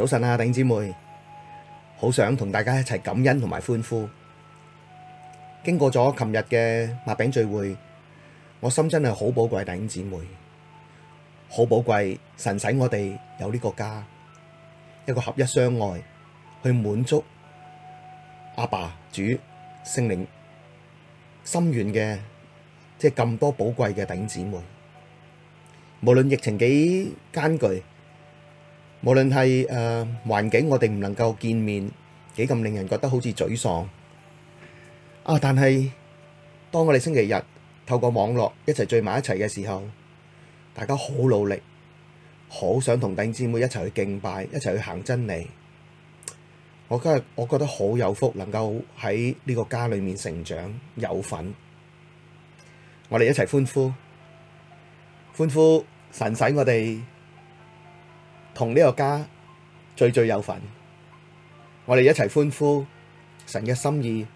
早晨啊，弟兄姊妹，好想同大家一齊感恩同埋歡呼。經過咗琴日嘅擘餅聚會，我心真係好寶貴，弟兄姊妹，好寶貴，神使我哋有呢個家，一個合一相愛去滿足阿爸，爸主聖靈心願嘅，即係咁多寶貴嘅弟兄姊妹。無論疫情幾艱巨。無論係誒環境，我哋唔能夠見面，幾咁令人覺得好似沮喪啊！但係當我哋星期日透過網絡一齊聚埋一齊嘅時候，大家好努力，好想同弟兄姊妹一齊去敬拜，一齊去行真理。我今日我覺得好有福，能夠喺呢個家裏面成長有份，我哋一齊歡呼，歡呼神使我哋。同呢個家最最有份，我哋一齊歡呼神嘅心意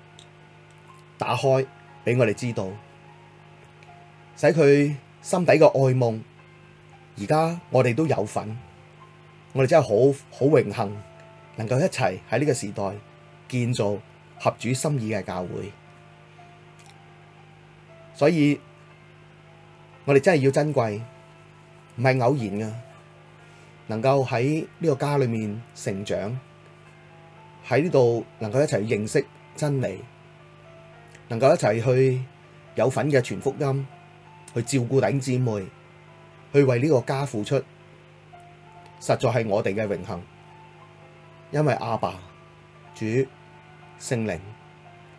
打開俾我哋知道，使佢心底嘅愛夢，而家我哋都有份，我哋真係好好榮幸能夠一齊喺呢個時代建造合主心意嘅教會，所以我哋真係要珍貴，唔係偶然噶。能夠喺呢個家裏面成長，喺呢度能夠一齊認識真理，能夠一齊去有份嘅傳福音，去照顧頂姊妹，去為呢個家付出，實在係我哋嘅榮幸。因為阿爸、主、聖靈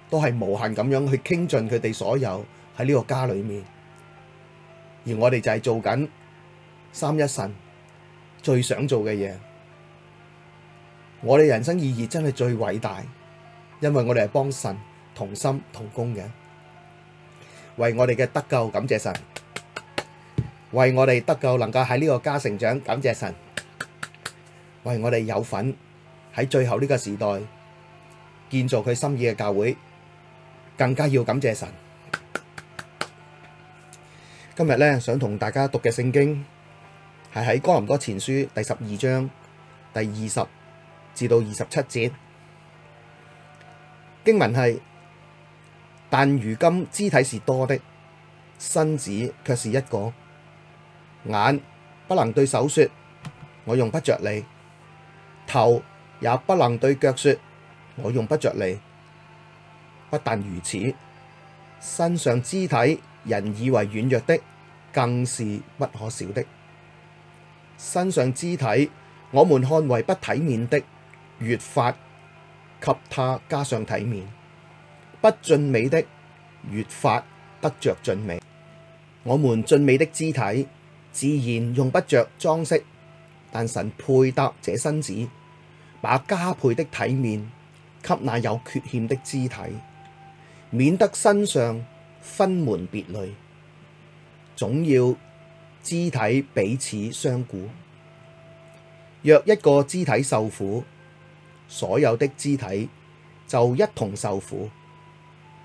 都係無限咁樣去傾盡佢哋所有喺呢個家裏面，而我哋就係做緊三一神。最想做嘅嘢，我哋人生意義真係最偉大，因為我哋係幫神同心同工嘅。為我哋嘅得救感謝神，為我哋得救能夠喺呢個家成長感謝神，為我哋有份喺最後呢個時代建造佢心意嘅教會，更加要感謝神。今日呢，想同大家讀嘅聖經，係喺《哥林多前書》第十二章第二十至到二十七節，經文係：但如今肢體是多的，身子卻是一個；眼不能對手說：我用不着你；頭也不能對腳說：我用不着你。不但如此，身上肢體人以為軟弱的，更是不可少的。身上肢體，我們看為不體面的，越發給他加上體面；不俊美的，越發得着俊美。我們俊美的肢體，自然用不着裝飾，但神配搭這身子，把加倍的體面給那有缺陷的肢體，免得身上分門別類，總要，肢體彼此相顧，若一個肢體受苦，所有的肢體就一同受苦；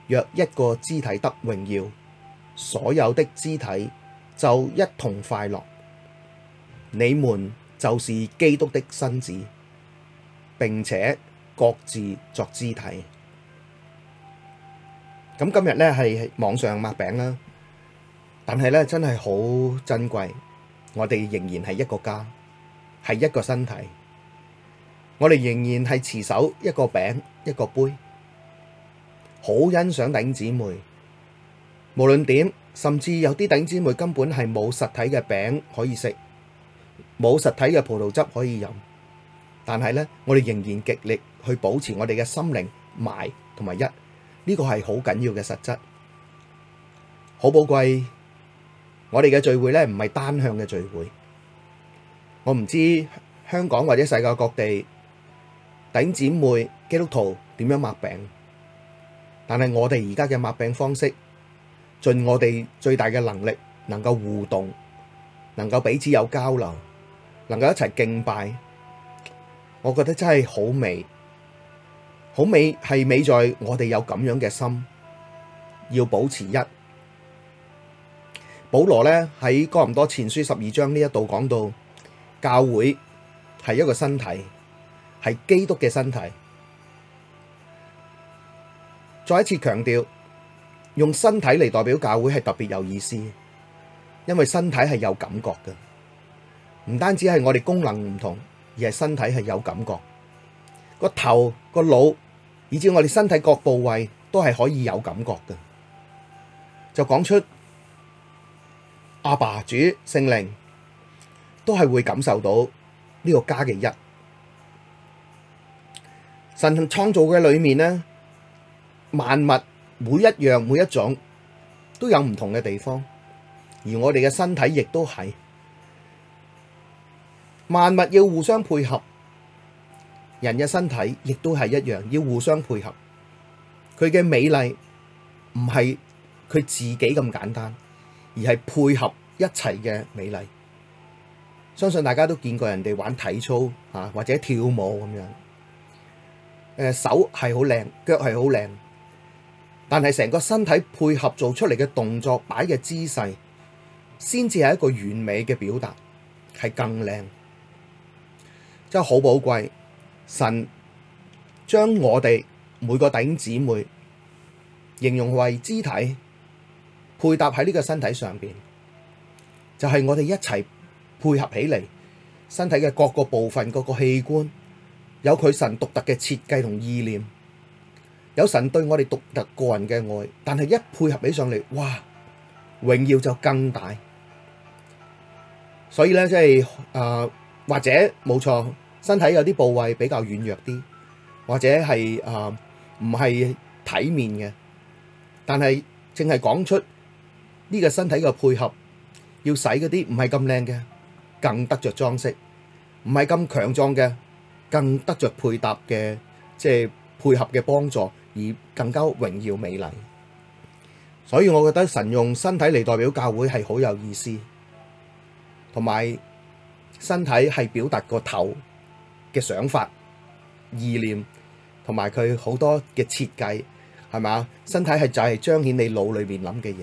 若一個肢體得榮耀，所有的肢體就一同快樂。你們就是基督的身子，並且各自作肢體。咁今日呢，係網上抹餅啦。但係咧，真係好珍貴。我哋仍然係一個家，係一個身體。我哋仍然係持守一個餅，一個杯，好欣賞頂姊妹。無論點，甚至有啲頂姊妹根本係冇實體嘅餅可以食，冇實體嘅葡萄汁可以飲。但係呢，我哋仍然極力去保持我哋嘅心靈，埋同埋一呢、呢個係好緊要嘅實質，好寶貴。我哋嘅聚會咧，唔係單向嘅聚會。我唔知香港或者世界各地弟兄姊妹基督徒點樣擘餅，但係我哋而家嘅擘餅方式，盡我哋最大嘅能力，能夠互動，能夠彼此有交流，能夠一齊敬拜，我覺得真係好美，好美係美在我哋有咁樣嘅心，要保持一。保羅咧，喺《哥林多前書》十二章呢一度講到教會係一個身體，係基督嘅身體。再一次強調，用身體嚟代表教會係特別有意思，因為身體係有感覺嘅，唔單止係我哋功能唔同，而係身體係有感覺。個頭、個腦，以至我哋身體各部位都係可以有感覺嘅，就講出。阿爸主聖靈都係會感受到呢個家嘅一神創造嘅裏面。呢萬物每一樣、每一種都有唔同嘅地方，而我哋嘅身體亦都係。萬物要互相配合，人嘅身體亦都係一樣，要互相配合，佢嘅美麗唔係佢自己咁簡單。而係配合一齊嘅美麗，相信大家都見過人哋玩體操啊，或者跳舞咁樣。呃，手係好靚，腳係好靚，但係成個身體配合做出嚟嘅動作，擺嘅姿勢，先至係一個完美嘅表達，係更靚，真係好寶貴。神將我哋每個頂姊妹形容為肢體。配搭喺呢個身體上邊，就係我哋一齊配合起嚟。身體嘅各個部分、各個器官，有佢神獨特嘅設計同意念，有神對我哋獨特個人嘅愛。但係一配合起上嚟，哇，榮耀就更大。所以咧，即係啊，或者冇錯，身體有啲部位比較軟弱啲，或者係啊唔係體面嘅，但係淨係講出。呢個身體嘅配合要使嗰啲唔係咁靚嘅，更得着裝飾；唔係咁強壯嘅，更得着配搭嘅，即係配合嘅幫助，而更加榮耀美麗。所以，我覺得神用身體嚟代表教會係好有意思，同埋身體係表達個頭嘅想法、意念，同埋佢好多嘅設計，係咪啊？身體係就係彰顯你腦裏面諗嘅嘢。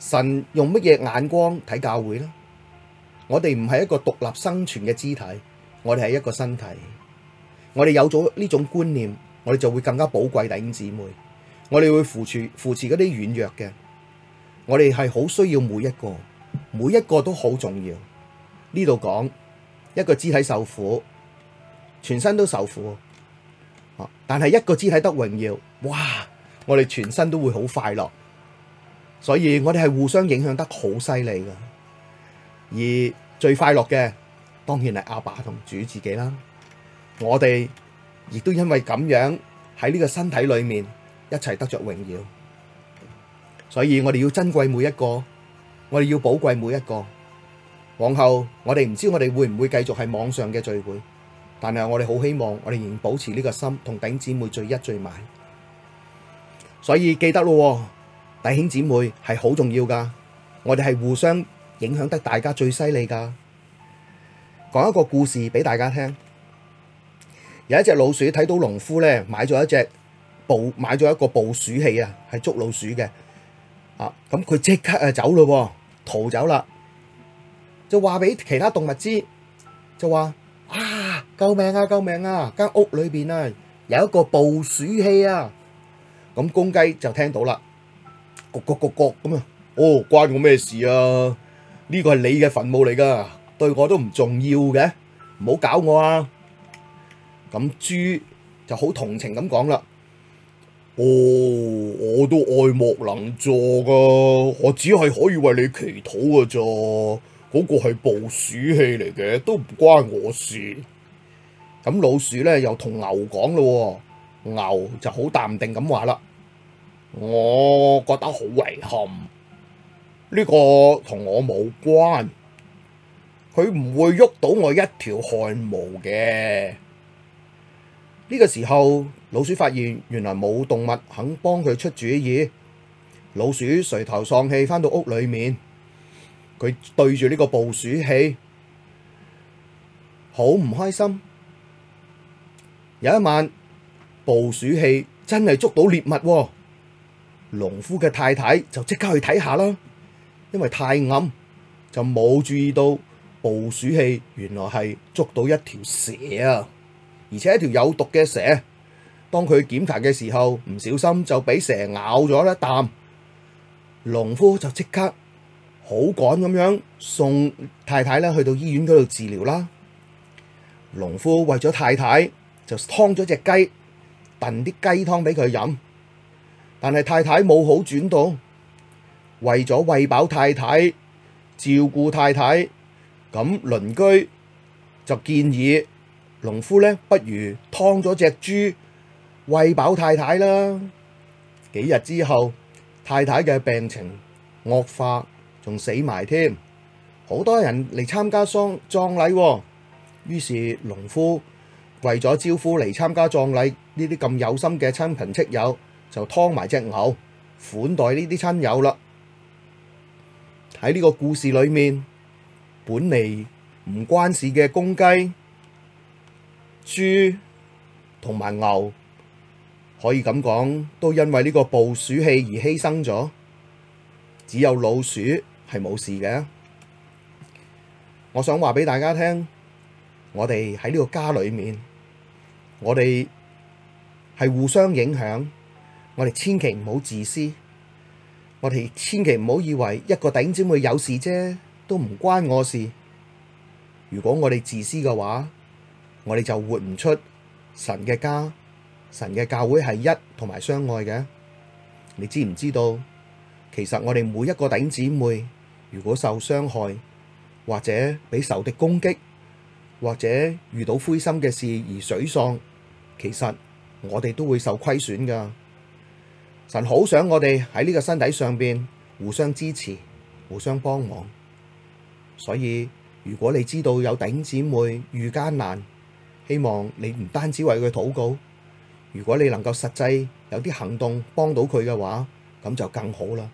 神用乜嘢眼光睇教會呢？我哋唔係一個獨立生存嘅肢體，我哋係一個身體。我哋有咗呢種觀念，我哋就會更加寶貴弟兄姊妹。我哋會扶持扶持嗰啲軟弱嘅。我哋係好需要每一個，每一個都好重要。呢度講一個肢體受苦，全身都受苦。但係一個肢體得榮耀，哇！我哋全身都會好快樂。所以我哋係互相影響得好犀利㗎，而最快樂嘅當然係阿爸同主自己啦。我哋亦都因為咁樣喺呢個身體裏面一齊得着榮耀，所以我哋要珍貴每一個，我哋要寶貴每一個。往後我哋唔知我哋會唔會繼續喺網上嘅聚會，但係我哋好希望我哋仍保持呢個心，同頂姊妹聚一聚埋。所以記得咯。弟兄姊妹係好重要噶，我哋係互相影響得大家最犀利噶。講一個故事俾大家聽，有一隻老鼠睇到農夫咧買咗一隻捕，買咗一個捕鼠器啊，係捉老鼠嘅。啊，咁佢即刻啊走咯，逃走啦，就話俾其他動物知，就話啊救命啊救命啊！間屋、啊、裏邊啊有一個捕鼠器啊，咁公雞就聽到啦。各各各各咁啊！哦，關我咩事啊？呢、這個係你嘅墳墓嚟噶，對我都唔重要嘅，唔好搞我啊！咁豬就好同情咁講啦。哦，我都愛莫能助噶、啊，我只係可以為你祈禱噶咋。嗰、那個係捕鼠器嚟嘅，都唔關我事。咁老鼠咧又同牛講咯，牛就好淡定咁話啦。我覺得好遺憾，呢個同我冇關，佢唔會喐到我一條汗毛嘅。呢個時候，老鼠發現原來冇動物肯幫佢出主意，老鼠垂頭喪氣返到屋裏面，佢對住呢個捕鼠器，好唔開心。有一晚，捕鼠器真係捉到獵物喎。農夫嘅太太就即刻去睇下啦，因為太暗就冇注意到捕鼠器，原來係捉到一條蛇啊！而且一條有毒嘅蛇，當佢檢查嘅時候唔小心就俾蛇咬咗一啖，農夫就即刻好趕咁樣送太太咧去到醫院嗰度治療啦。農夫為咗太太就劏咗隻雞燉啲雞湯俾佢飲。但係太太冇好轉動，為咗餵飽太太、照顧太太，咁鄰居就建議農夫呢：「不如劏咗隻豬餵飽太太啦！」幾日之後，太太嘅病情惡化，仲死埋添。好多人嚟參加喪葬禮，哦，於是農夫為咗招呼嚟參加葬禮呢啲咁有心嘅親朋戚友。就劏埋隻牛款待呢啲親友啦！喺呢個故事裏面，本嚟唔關事嘅公雞、豬同埋牛，可以咁講，都因為呢個捕鼠器而犧牲咗。只有老鼠係冇事嘅。我想話俾大家聽，我哋喺呢個家裏面，我哋係互相影響。我哋千祈唔好自私，我哋千祈唔好以為一個頂姊妹有事啫，都唔關我事。如果我哋自私嘅話，我哋就活唔出神嘅家，神嘅教會係一同埋相愛嘅。你知唔知道？其實我哋每一個頂姊妹，如果受傷害，或者俾仇敵攻擊，或者遇到灰心嘅事而沮喪，其實我哋都會受虧損噶。神好想我哋喺呢個身體上邊互相支持、互相幫忙，所以如果你知道有頂姊妹遇艱難，希望你唔單止為佢禱告，如果你能夠實際有啲行動幫到佢嘅話，咁就更好啦。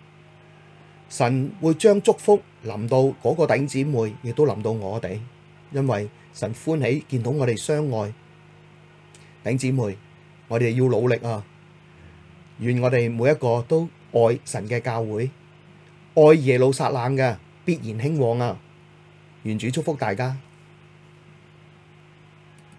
神會將祝福臨到嗰個頂姊妹，亦都臨到我哋，因為神歡喜見到我哋相愛。頂姊妹，我哋要努力啊！願我哋每一個都愛神嘅教會，愛耶路撒冷嘅必然興旺啊！願主祝福大家。